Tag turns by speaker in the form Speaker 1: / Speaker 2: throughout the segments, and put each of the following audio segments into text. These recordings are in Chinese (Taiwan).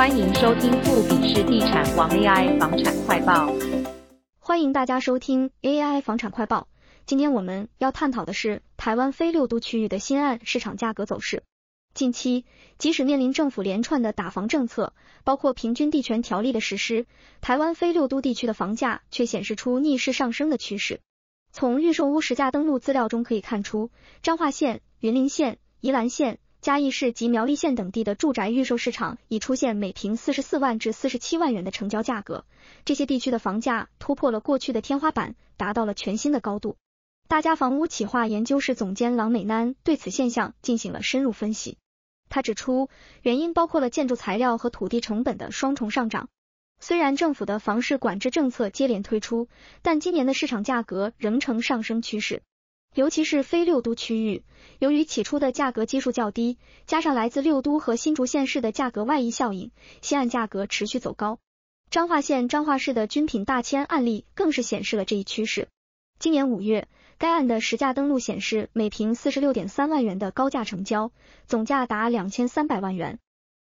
Speaker 1: 歡迎收聽富比士地產王 AI 房產快報。歡迎大家收聽 AI 房產快報。今天我們要探討的是台灣非六都區域的新案市場價格走勢。近期，即使面臨政府連串的打房政策，包括平均地權條例的實施，台灣非六都地區的房價卻顯示出逆勢上升的趨勢。從預售屋實價登錄資料中可以看出，彰化縣、雲林縣、宜蘭縣。嘉義市及苗栗縣等地的住宅預售市場已出現每坪四十四萬至四十七萬元的成交價格，這些地區的房價突破了過去的天花板，達到了全新的高度。大家房屋企劃研究室總監郎美囡對此現象進行了深入分析，她指出，原因包括了建築材料和土地成本的雙重上漲。雖然政府的房市管制政策接連推出，但今年的市場價格仍呈上升趨勢。尤其是非六都區域，由於起初的價格基數較低，加上來自六都和新竹縣市的價格外溢效應，新案價格持續走高。彰化縣彰化市的軍品大遷案例更是顯示了這一趨勢。今年五月，該案的實價登錄顯示每坪四十六點三萬元的高價成交，總價達兩千三百萬元，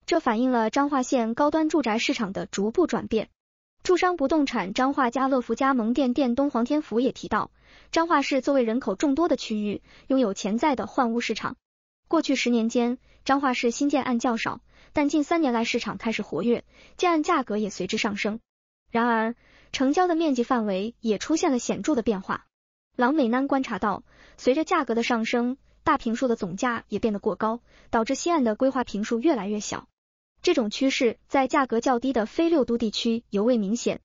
Speaker 1: 這反映了彰化縣高端住宅市場的逐步轉變。住商不動產彰化家樂福加盟店店東黃天福也提到，彰化市作為人口眾多的區域，擁有潛在的換屋市場。過去十年間，彰化市新建案較少，但近三年來市場開始活躍，建案價格也隨之上升。然而，成交的面積範圍也出現了顯著的變化。郎美男觀察到，隨着價格的上升，大坪數的總價也變得過高，導致新案的規劃坪數越來越小。這種趨勢在價格較低的非六都地區尤為明顯。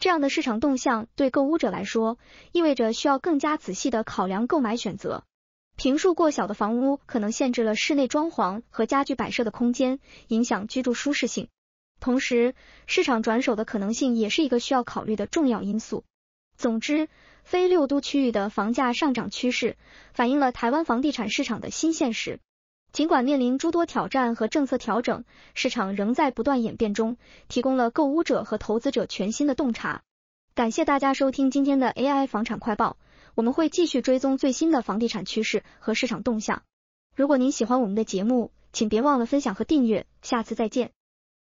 Speaker 1: 這樣的市場動向對購屋者來說，意味着需要更加仔細的考量購買選擇。坪數過小的房屋可能限制了室內裝潢和家具擺設的空間，影響居住舒適性。同時，市場轉手的可能性也是一個需要考慮的重要因素。總之，非六都區域的房價上漲趨勢反映了台灣房地產市場的新現實。儘管面臨諸多挑戰和政策調整，市場仍在不斷演變中，提供了購屋者和投資者全新的洞察。感謝大家收聽今天的 AI 房產快報，我們會繼續追蹤最新的房地產趨勢和市場動向。如果您喜歡我們的節目，請別忘了分享和訂閱，下次再見。